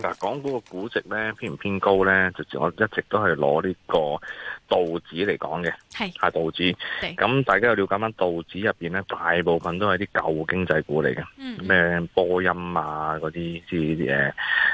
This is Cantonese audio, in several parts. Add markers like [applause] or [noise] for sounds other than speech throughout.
嗱，港股嘅估值咧偏唔偏高咧？就我一直都係攞呢個道指嚟講嘅，係係道指，咁大家有了解翻道指入邊咧，大部分都係啲舊經濟股嚟嘅，咩、嗯、波音啊，嗰啲啲誒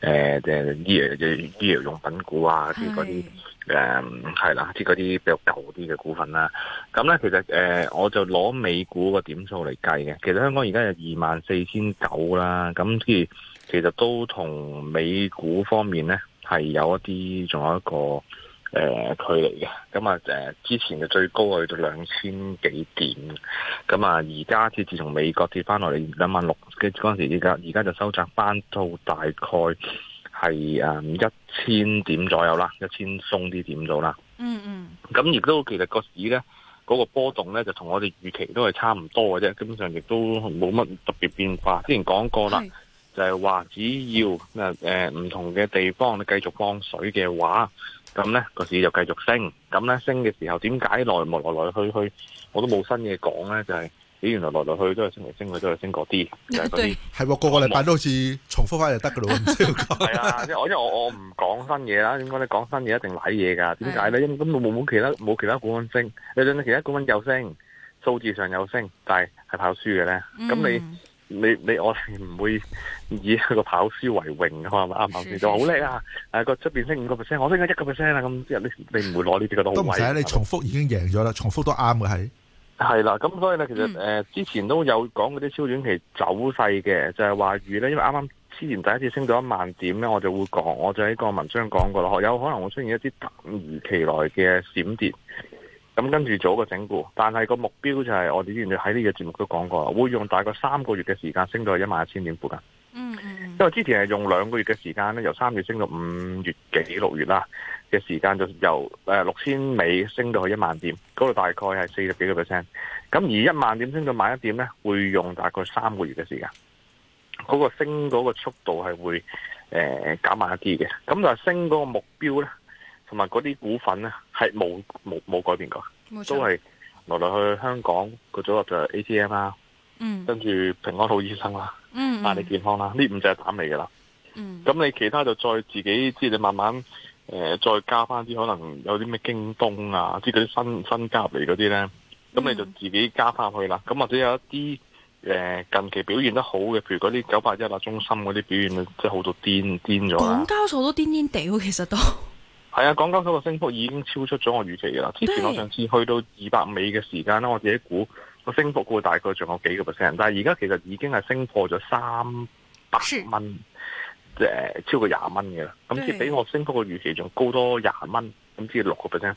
誒嘅醫藥嘅醫藥用品股啊，啲嗰啲誒係啦，啲嗰啲比較舊啲嘅股份啦。咁咧，其實誒、呃，我就攞美股個點數嚟計嘅。其實香港而家有二萬四千九啦，咁即係。其實都同美股方面呢，係有一啲，仲有一個誒、呃、距離嘅。咁啊誒，之前嘅最高去到兩千幾點，咁啊而家至自從美國跌翻落嚟兩萬六，跟住嗰陣時而家而家就收窄翻到大概係誒一千點左右啦，一千鬆啲點度啦。嗯嗯。咁亦都其實個市呢，嗰、嗰個波動呢，就同我哋預期都係差唔多嘅啫，基本上亦都冇乜特別變化。之前講過啦。就係話只要誒誒唔同嘅地方你繼續放水嘅話，咁咧個市就繼續升。咁咧升嘅時候，點解來來來來去去我都冇新嘢講咧？就係咦，原來來來去都係升嚟升去，都係升嗰啲，係嗰啲係。個個禮拜都好似重複翻就得咯。係啊，即係我因為我我唔講新嘢啦。點解你講新嘢一定賴嘢噶？點解咧？因咁冇冇其他冇其他股份升，就算其他股份有升，數字上有升，但係係跑輸嘅咧。咁你。你你我哋唔會以個跑輸為榮嘅嘛？啱唔啱先？ [laughs] 就話好叻啊！誒個出邊升五個 percent，我升咗一、啊、個 percent 啦。咁你你唔會攞呢啲嘅當位？都唔使、嗯嗯，你重複已經贏咗啦，重複都啱嘅係。係啦，咁所以咧，其實誒、嗯呃、之前都有講嗰啲超短期走勢嘅，就係、是、話預咧，因為啱啱之前第一次升到一萬點咧，我就會講，我就喺個文章講過啦，有可能會出現一啲突如其來嘅閃跌。咁跟住做一個整固，但係個目標就係、是、我哋之前喺呢個節目都講過，會用大概三個月嘅時間升到去一萬一千點附近。嗯、mm-hmm.，因為之前係用兩個月嘅時間咧，由三月升到五月幾六月啦嘅時間，就由誒六千尾升到去一萬點，嗰度大概係四十幾個 percent。咁而一萬點升到萬一點咧，會用大概三個月嘅時間，嗰、那個升嗰個速度係會誒、呃、減慢一啲嘅。咁就升嗰個目標咧。同埋嗰啲股份咧，係冇冇冇改變過，都係來來去香港個組合就係 A T M 啦，ATM, 嗯，跟住平安好醫生啦、嗯嗯，嗯，阿里健康啦，呢五隻係膽嚟噶啦，嗯，咁你其他就再自己，即係你慢慢誒、呃，再加翻啲可能有啲咩京東啊，即係嗰啲新新加入嚟嗰啲咧，咁你就自己加翻去啦。咁、嗯、或者有一啲誒、呃、近期表現得好嘅，譬如嗰啲九八一啊中心嗰啲表現即係好到癲癲咗，成交數都癲癲哋，其實都。係啊，港交所個升幅已經超出咗我預期噶啦。之前我上次去到二百五美嘅時間啦，我自己估個升幅會大概仲有幾個 percent，但係而家其實已經係升破咗三百蚊，即係、呃、超過廿蚊嘅啦。咁即係比我升幅嘅預期仲高多廿蚊，咁即係六個 percent。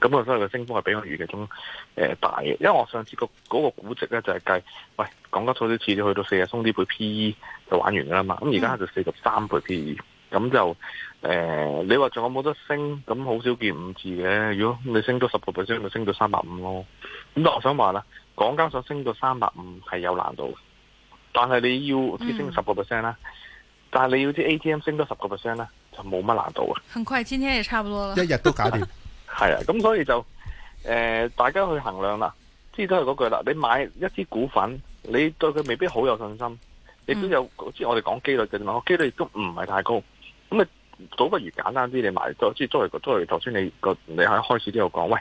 咁我所以個升幅係比我預期中誒、呃、大嘅，因為我上次、個嗰、個估值咧就係、是、計，喂，港交所都次次去到四十鬆啲倍 P E 就玩完噶啦嘛。咁而家就四十三倍 P E、嗯。嗯咁就誒、呃，你話仲有冇得升？咁好少見五字嘅。如果你升多十個 percent，就升到三百五咯。咁但我想話啦，港交所升到三百五係有難度，但係你要只升十個 percent 啦，但係你要啲 ATM 升多十個 percent 咧，就冇乜難度啊！很快，今天也差不多啦。一日都搞掂，係 [laughs] 啊。咁所以就誒、呃，大家去衡量啦。即係都係嗰句啦，你買一支股份，你對佢未必好有信心。你都有即係、嗯、我哋講機率嘅我機率亦都唔係太高。咁啊，倒不如簡單啲，你買多，即係追個追頭先。你你喺開始都有講，喂，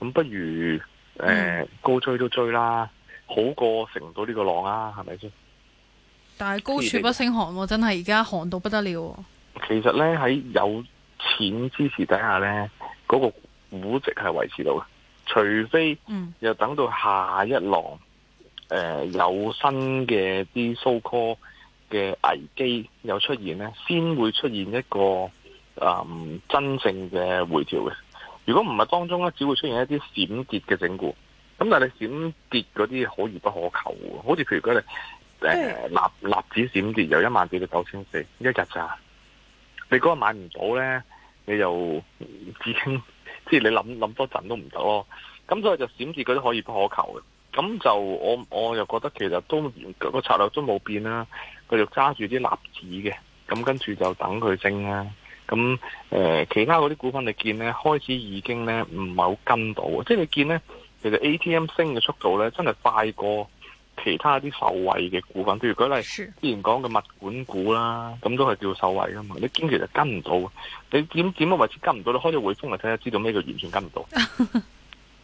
咁不如誒、呃、高追都追啦，好過成唔到呢個浪啊，係咪先？但係高處不勝寒喎，真係而家寒到不得了。其實咧喺有錢支持底下咧，嗰、那個估值係維持到嘅，除非又等到下一浪誒、呃、有新嘅啲收 call。嘅危機有出現呢，先會出現一個誒、嗯、真正嘅回調嘅。如果唔係當中呢，只會出現一啲閃跌嘅整固。咁但係你閃跌嗰啲可遇不可求，好似譬如嗰你誒納納指閃跌由一萬幾到九千四，一日咋？你嗰日買唔到呢，你又至驚，即係你諗諗多陣都唔得咯。咁所以就閃跌嗰啲可遇不可求嘅。咁就我我又覺得其實都、個策略都冇變啦。繼續揸住啲臘子嘅，咁跟住就等佢升啦。咁誒、呃，其他嗰啲股份你見咧，開始已經咧唔係好跟到，即係你見咧，其實 ATM 升嘅速度咧，真係快過其他啲受惠嘅股份。譬如舉例之前講嘅物管股啦，咁都係叫受惠噶嘛。你經其實跟唔到，你點點嘅位置跟唔到？你開咗匯豐嚟睇下，知道咩叫完全跟唔到？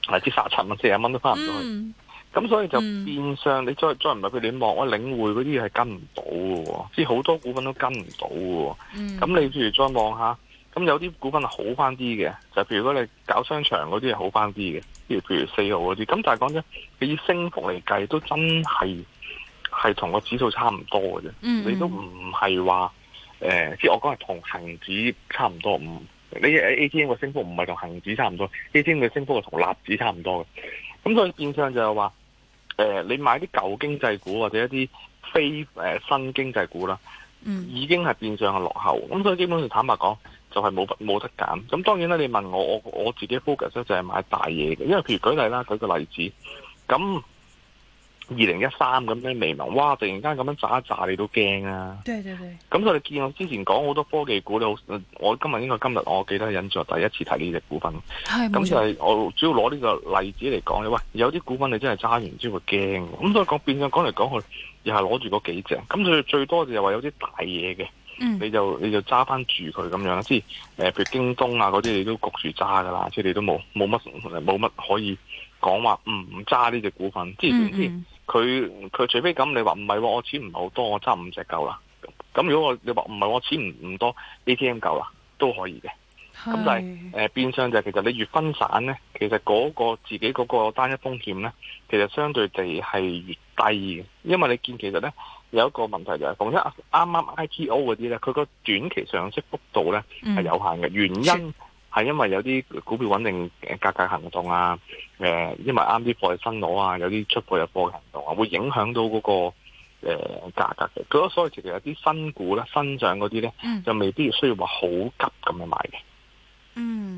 係跌曬三十七蚊、四十蚊都翻唔到去。嗯咁所以就變相，嗯、你再再唔係佢哋望，我領匯嗰啲係跟唔到喎，即係好多股份都跟唔到喎。咁、嗯、你譬如再望下，咁有啲股份係好翻啲嘅，就譬如如果你搞商場嗰啲係好翻啲嘅，譬如譬如四號嗰啲。咁但係講真，你以升幅嚟計都真係係同個指數差唔多嘅啫。你都唔係話誒，即、呃、我講係同恆指差唔多。唔，你 A T M 個升幅唔係同恆指差唔多，A T M 嘅升幅係同、嗯、納指差唔多嘅。咁所以變相就係話，誒、呃，你買啲舊經濟股或者一啲非誒新經濟股啦，嗯，已經係變相係落後。咁所以基本上坦白講，就係冇冇得揀。咁當然啦，你問我我我自己 focus 就係買大嘢嘅，因為譬如舉例啦，舉個例子咁。二零一三咁樣未能，哇！突然間咁樣炸一炸，你都驚啊！咁所以見我之前講好多科技股咧，我今日應該今日我記得印象第一次睇呢隻股份。咁就係我主要攞呢個例子嚟講咧。喂，有啲股份你真係揸完之後會驚，咁所以講變咗。講嚟講去，又係攞住嗰幾隻。咁最最多就係話有啲大嘢嘅，嗯，你就你就揸翻住佢咁樣。即係誒，譬如京東啊嗰啲，你都焗住揸㗎啦。即係你都冇冇乜冇乜可以講話唔揸呢隻股份。知？嗯嗯佢佢除非咁，你話唔係喎，我錢唔係好多，我揸五隻夠啦。咁如果我你話唔係我錢唔唔多，A T M 夠啦，都可以嘅。咁但係誒邊就係呃、變相就係、其實你越分散咧，其實嗰、嗰個自己嗰個單一風險咧，其實相對地係越低嘅。因為你見其實咧有一個問題就係、是，講啱啱 I T O 嗰啲咧，佢個短期上升幅度咧係有限嘅、嗯、原因。 [laughs] 係因為有啲股票穩定誒，價格行動啊，誒，因為啱啲貨新攞啊，有啲出貨入貨嘅行動啊，會影響到嗰個誒價格嘅，所以其實有啲新股咧，新漲嗰啲咧，就未必需要話好急咁樣買嘅。嗯。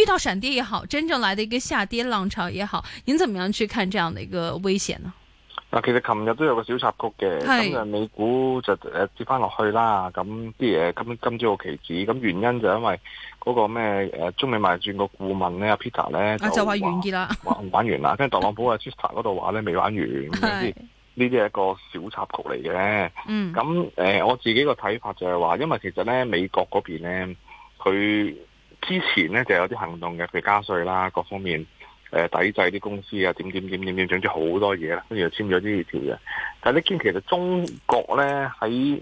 遇到閃跌也好，真正來的一個下跌浪潮也好，您怎麼樣去看這樣的一個危險呢？嗱，其實琴日都有個小插曲嘅，今日美股就誒跌翻落去啦。咁啲嘢今今朝個期指，咁原因就因為嗰個咩誒中美貿易戰個顧問咧，Peter 咧，就話、啊、完結啦，玩完啦，跟住特朗普啊 Twitter 嗰度話咧未玩完，呢啲呢係一個小插曲嚟嘅。咁、嗯、誒、呃，我自己個睇法就係話，因為其實咧美國嗰邊咧，佢。之前咧就有啲行動嘅，譬如加稅啦，各方面誒、呃、抵制啲公司啊，點點點點點，總之好多嘢啦。跟住又簽咗啲條約嘅。但係呢邊其實中國咧喺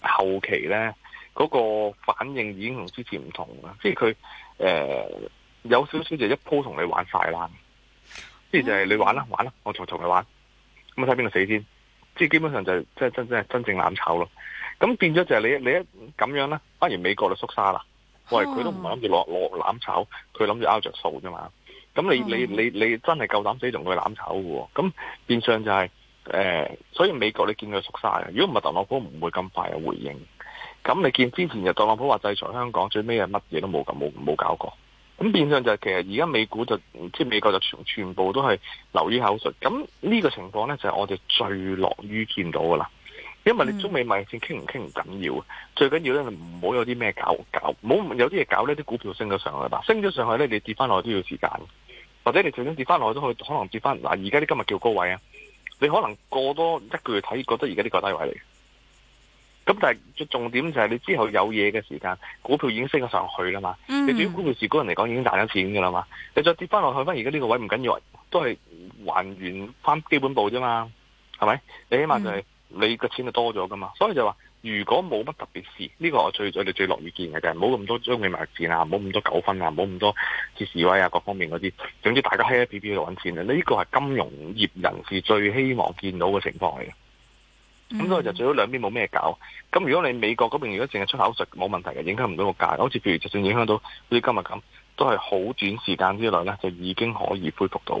後期咧，嗰、那個反應已經同之前唔同啦，即係佢誒有少少就一鋪同你玩晒啦。即係就係你玩啦，玩啦，我就同佢玩。咁睇邊個死先？即係基本上就即係真真真正攬炒咯。咁變咗就係你你咁樣啦，反而美國就縮沙啦。喂，佢都唔係諗住落落攬炒，佢諗住拗着數啫嘛。咁你你你你真係夠膽死，同佢攬炒喎？咁變相就係誒，所以美國你見佢熟晒。如果唔係特朗普唔會咁快有回應。咁你見之前就特朗普話制裁香港，最尾係乜嘢都冇，咁冇冇搞過。咁變相就係其實而家美股就即係美國就全全部都係留意口述。咁呢個情況咧就係我哋最樂於見到噶啦。因為你中美貿易戰傾唔傾唔緊要啊，最緊要咧唔好有啲咩搞搞，唔好有啲嘢搞呢啲股票升咗上去吧，升咗上去咧你跌翻落去都要時間，或者你就算跌翻落去都去，可能跌翻嗱，而家啲今日叫高位啊，你可能過多一個月睇，覺得而家呢個低位嚟。咁但係最重點就係你之後有嘢嘅時間，股票已經升咗上去啦嘛，mm-hmm. 你主要股票持股人嚟講已經賺咗錢㗎啦嘛，你再跌翻落去翻而家呢個位唔緊要，都係還原翻基本步啫嘛，係咪？你起碼就係、是。Mm-hmm. 你個錢就多咗噶嘛，所以就話，如果冇乜特別事，呢個我最最你最樂意見嘅就係冇咁多中美貿易戰啊，冇咁多糾紛啊，冇咁多啲示威啊，各方面嗰啲，總之大家喺 A P P 度搵錢啦，呢個係金融業人士最希望見到嘅情況嚟嘅。咁所以就最好兩邊冇咩搞。咁如果你美國嗰邊如果淨係出口術冇問題嘅，影響唔到個價，好似譬如就算影響到好似今日咁，都係好短時間之內咧就已經可以恢復到。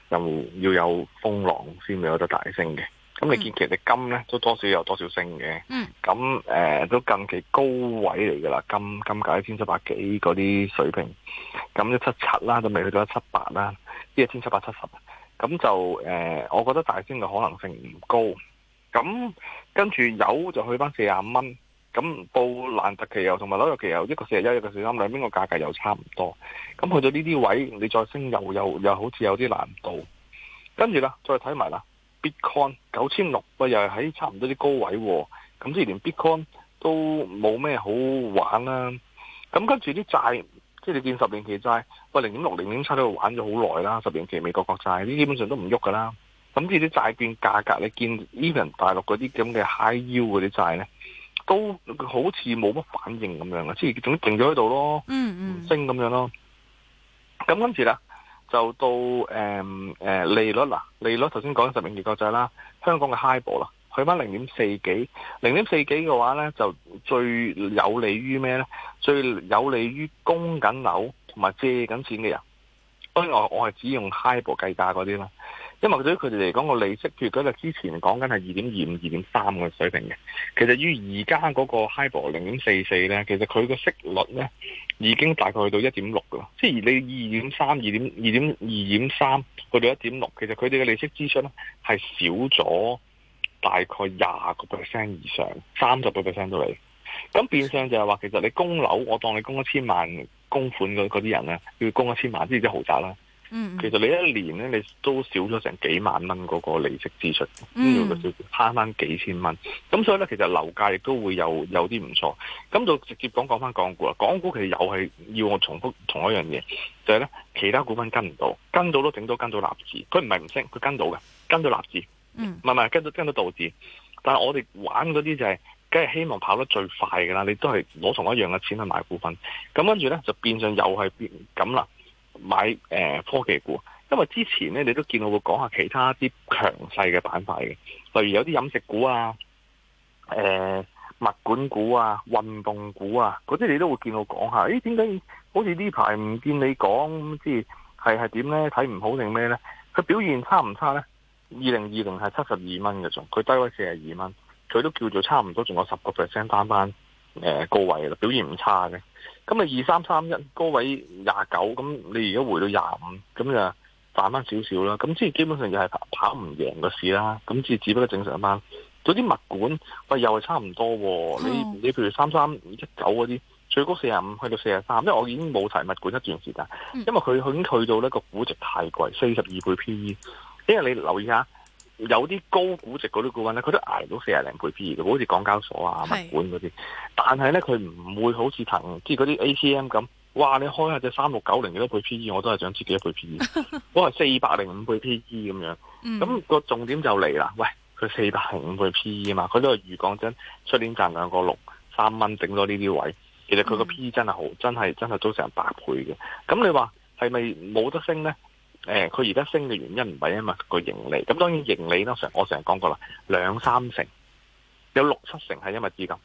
就要有風浪先會有得大升嘅，咁你見其實金咧都多少有多少升嘅，咁誒、呃、都近期高位嚟噶啦，金金價一千七百幾嗰啲水平，咁一七七啦都未去到一七八啦，一千七百七十，咁就誒、呃，我覺得大升嘅可能性唔高，咁跟住有就去翻四十五蚊。咁布蘭特期油同埋紐約期油，一個四十一，一個四十三，兩邊個價格又差唔多。咁去到呢啲位，你再升又又又好似有啲難度。跟住啦，再睇埋啦，Bitcoin 九千六，喂，又係喺差唔多啲高位喎。咁即係連 Bitcoin 都冇咩好玩啦、啊。咁跟住啲債，即、就、係、是、你見十年期債，喂，零點六、零點七都玩咗好耐啦。十年期美國國債呢，基本上都唔喐噶啦。咁至啲債券價格你見 even 大陸嗰啲咁嘅 high yield 嗰啲債咧。都好似冇乜反應咁樣嘅，即係總之停咗喺度咯，唔、嗯嗯、升咁樣咯。咁跟住啦，就到誒誒利率啦，利率頭先講緊十零二國債啦，香港嘅 high 部啦，去翻零點四幾，零點四幾嘅話咧，就最有利於咩咧？最有利於供緊樓同埋借緊錢嘅人。當然我我係只用 high 部計價嗰啲啦。因為對於佢哋嚟講，個利息譬如嗰日之前講緊係二點二五、二點三嘅水平嘅，其實於而家嗰個 HIBOR 零點四四咧，其實佢嘅息率咧已經大概去到一點六㗎喇。即係你二點三、二點二點二點三去到一點六，其實佢哋嘅利息支出咧係少咗大概廿個 percent 以上，三十個 percent 到你。咁變相就係話，其實你供樓，我當你供一千萬，供款嗰啲人咧，要供一千萬，啲、就、啲、係、豪宅啦。其實你一年咧，你都少咗成幾萬蚊嗰個利息支出，嗯，慳翻幾千蚊。咁所以咧，其實樓價亦都會有有啲唔錯。咁就直接講講翻港股啦。港股其實又係要我重複同一樣嘢，就係咧，其他股份跟唔到，跟到都頂多跟到納指，佢唔係唔升，佢跟到嘅，跟到納指，嗯，唔係唔係跟到跟到道指。但係我哋玩嗰啲就係，梗係希望跑得最快噶啦。你都係攞同一樣嘅錢去買股份，咁跟住咧就變相又係變咁啦。買誒、呃、科技股，因為之前咧你都見到我會講下其他啲強勢嘅板塊嘅，例如有啲飲食股啊、誒、呃、物管股啊、運動股啊嗰啲，你都會見到我講下。咦、欸，點解好似呢排唔見你講，即係係點咧？睇唔好定咩咧？佢表現差唔差咧？二零二零係七十二蚊嘅，仲佢低咗四十二蚊，佢都叫做差唔多，仲有十個 percent 返返誒、呃、高位啦，表現唔差嘅。咁啊，二三三一高位廿九，咁你而家回到廿五，咁就反翻少少啦。咁即係基本上就係跑唔贏個市啦。咁即係只不過正常翻。嗰啲物管，喂又係差唔多。你你譬如三三一九嗰啲，最高四十五，去到四十三。因為我已經冇提物管一段時間，因為佢已經去到呢個估值太貴，四十二倍 PE。因為你留意下。有啲高估值嗰啲股份咧，佢都捱到四廿零倍 P E 嘅，好似港交所啊、物管嗰啲。但係咧，佢唔會好似憑即係嗰啲 ATM 咁，哇！你開一下隻三六九零幾多倍 P E，我都係想自己一倍 P E，我係四百零五倍 P E 咁樣。咁、嗯那個重點就嚟啦，喂，佢四百零五倍 P E 啊嘛，佢都係預講真，出年賺兩個六三蚊，整咗呢啲位。其實佢個 P E 真係好，真係真係都成百倍嘅。咁你話係咪冇得升咧？誒，佢而家升嘅原因唔係因為個盈利。咁當然盈利咧，成我成日講過啦，兩三成，有六七成係因為資金，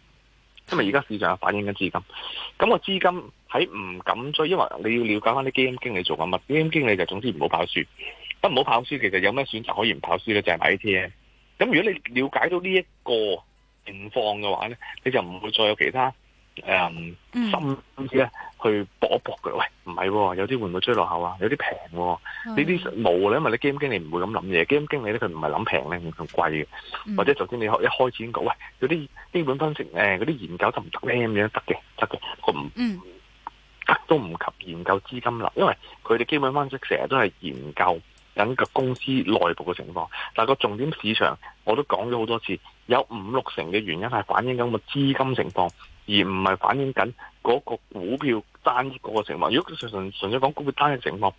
因為而家市場係反映緊資金。咁個資金喺唔敢追，因為你要了解翻啲基金經理做緊乜？基金經理就總之唔好跑輸，唔好跑輸，其實有咩選擇可以唔跑輸咧？就係買 ATM。咁如果你了解到呢一個情況嘅話咧，你就唔會再有其他。誒、um, 嗯，甚至咧去搏一搏嘅，喂，唔係、哦，有啲會唔會追落後？啊？有啲平、哦，呢啲冇咧，因為你基金經理唔會咁諗嘢，基金經理咧佢唔係諗平咧，唔係諗貴嘅，或者就算你一開始已經講，喂，嗰啲基本分析誒，嗰啲研究得唔得咧？咁樣得嘅，得嘅，佢唔得都唔及研究資金流，因為佢哋基本分析成日都係研究緊個公司內部嘅情況，但個重點市場我都講咗好多次。有五六成嘅原因係反映緊個資金情況，而唔係反映緊嗰個股票單嗰個情況。如果純純純粹講股票單嘅情況，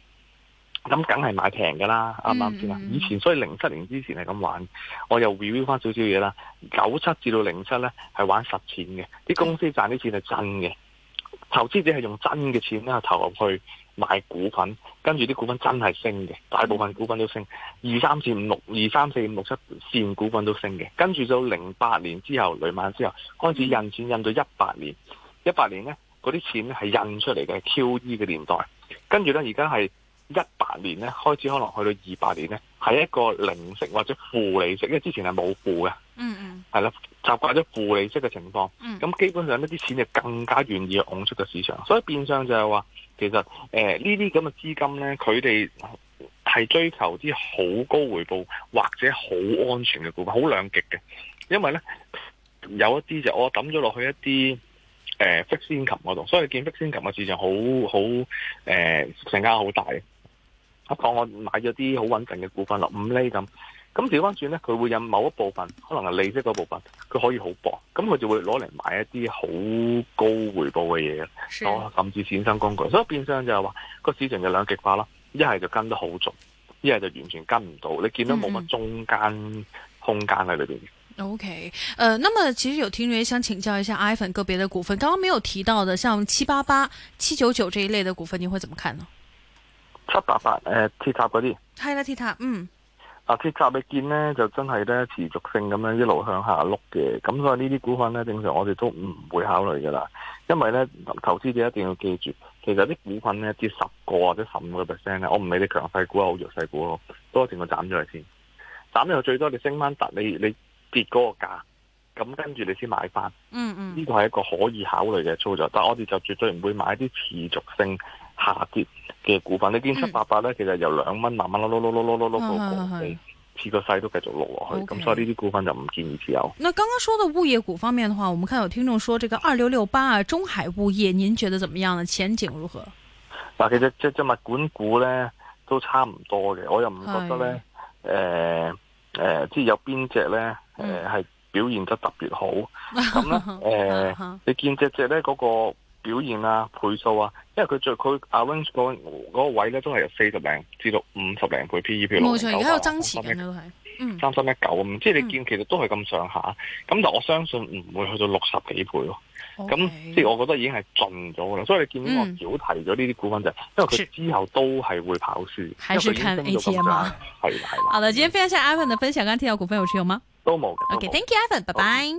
咁梗係買平噶啦，啱唔啱先啊？以前所以零七年之前係咁玩的，我又 review 翻少少嘢啦。九七至到零七咧係玩實錢嘅，啲公司賺啲錢係真嘅，投資者係用真嘅錢咧投入去。賣股份，跟住啲股份真係升嘅，大部分股份都升，二三四五六，二三四五六七，線股份都升嘅。跟住到零八年之後、雷曼之後開始印錢，印到一八年。一八年呢，嗰啲錢咧係印出嚟嘅，QE 嘅年代。跟住呢，而家係一八年呢，開始，可能去到二八年呢，係一個零息或者負利息，因為之前係冇負嘅。嗯嗯，係啦，習慣咗負利息嘅情況。嗯，咁基本上呢啲錢就更加願意湧出個市場，所以變相就係話。其實誒，呃、這這呢啲咁嘅資金咧，佢哋係追求啲好高回報或者好安全嘅股份，好兩極嘅。因為咧有一啲就我抌咗落去一啲誒，fixed income 嗰度，所以見 fixed income 嘅市場好好誒，成間好大。不過我買咗啲好穩定嘅股份啦，五厘咁。咁調翻轉咧，佢會有某一部分，可能係利息嗰部分，佢可以好薄，咁佢就會攞嚟買一啲好高回報嘅嘢，哦甚至衍生工具，所以變相就係話個市場就兩極化啦，一係就跟得好重，一係就完全跟唔到，你見到冇乜中間空間喺裏邊。OK，誒，那麼其實有聽眾想請教一下 Ivan 個別的股份，剛剛沒有提到的像788，像七八八、七九九這一類的股份，你會怎麼看呢？七八八誒、呃，鐵塔嗰啲，係啦鐵塔，嗯。啊！跌集嘅件咧就真係咧持續性咁樣一路向下碌嘅，咁所以呢啲股份咧，正常我哋都唔會考慮噶啦。因為咧，投資者一定要記住，其實啲股份咧跌十個或者十五個 percent 咧，我唔理你強勢股啊，好弱勢股咯，都一定要斬咗佢先。斬咗最多你升翻突，你你跌嗰個價，咁跟住你先買翻。嗯嗯。呢個係一個可以考慮嘅操作，但我哋就絕對唔會買啲持續性。下跌嘅股份，呢，見七八八咧，其實由兩蚊慢慢碌碌碌碌碌碌碌個股，次個勢都繼續落落去，咁、okay 嗯、所以呢啲股份就唔建議持有。嗱，剛剛說到物業股方面嘅話，我們看有聽眾說這個二六六八啊中海物業，您覺得怎麼樣呢？前景如何？但其實即係物管股咧都差唔多嘅，我又唔覺得咧，誒誒，即、呃、係、呃、有邊隻咧誒係表現得特別好，咁 [laughs] 誒、呃、 [laughs] 你見隻隻咧嗰個。表現啊，倍數啊，因為佢最佢阿 Vin 嗰嗰個位咧，都係由四十零至到五十零倍 P E，冇錯，而家有增持緊，三三一、嗯、三三一九啊，唔知你見其實都係咁上下，咁、嗯、但我相信唔會去到六十幾倍咯、啊。咁即係我覺得已經係盡咗啦。所以你見我少提咗呢啲股份就、嗯、因為佢之後都係會跑輸、啊，因為佢升咗咁多。係係、啊、好啦，今日非常謝 Ivan 的分享，跟住有股份有持有嗎？都冇。OK，thank、okay, you，Ivan，拜拜。